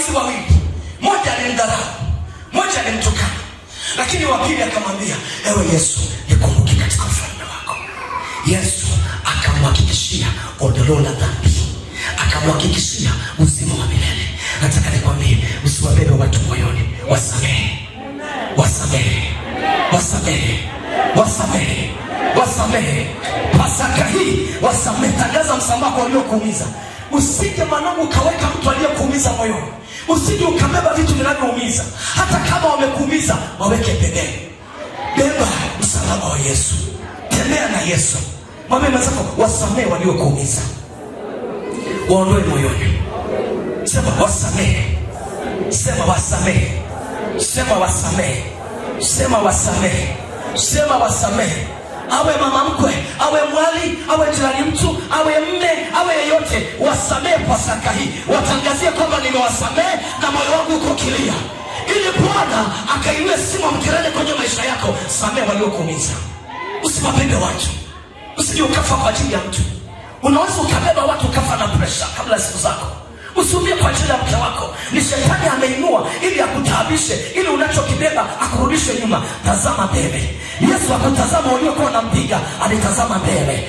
wizi wawili, moja alimdharau, moja alimtukana, lakini wa pili akamwambia, ewe Yesu, nikumbuki katika ufalme wako. Yesu akamhakikishia ondoleo la dhambi, akamhakikishia uzima wa milele. Nataka nikwambie, usiwabebe watu moyoni, wasamehe, wasamehe, wasamehe, wasamehe, wasamehe. Pasaka hii wasamehe, tangaza msambako waliokuumiza. Usije mwanangu, ukaweka mtu aliyekuumiza moyoni usije ukabeba vitu vinavyoumiza. Hata kama wamekuumiza, waweke pembeni. Beba msalaba wa Yesu, tembea na Yesu. Mwambie mwenzako, wasamehe waliokuumiza, waondoe moyoni. Sema wasamehe, sema wasamehe, sema wasamehe, sema wasamehe, sema wasamehe awe mama mkwe, awe mwali, awe jirani mtu, awe mme, awe yeyote, wasamehe Pasaka hii, watangazie kwamba nimewasamehe na moyo wangu uko kilia, ili Bwana akainue simu mkerele kwenye maisha yako. Samehe waliokuumiza, usipapende watu, usije ukafa kwa ajili ya mtu. Unaweza ukabeba watu ukafa na presha kabla siku zako, usiumie kwa ajili ya mtu alichokibeba akurudishe nyuma. Tazama mbele. Yesu akutazama uliokuwa unampiga, alitazama mbele.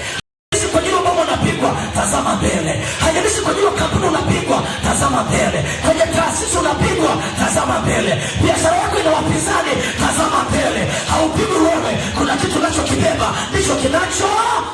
Kwa jilo bomo unapigwa, tazama mbele. Haijalishi kwa jilo kampuni unapigwa, tazama mbele. Kwenye taasisi unapigwa, tazama mbele. Biashara yako ina wapinzani, tazama mbele. Haupigwi wewe, kuna kitu unachokibeba ndicho kinacho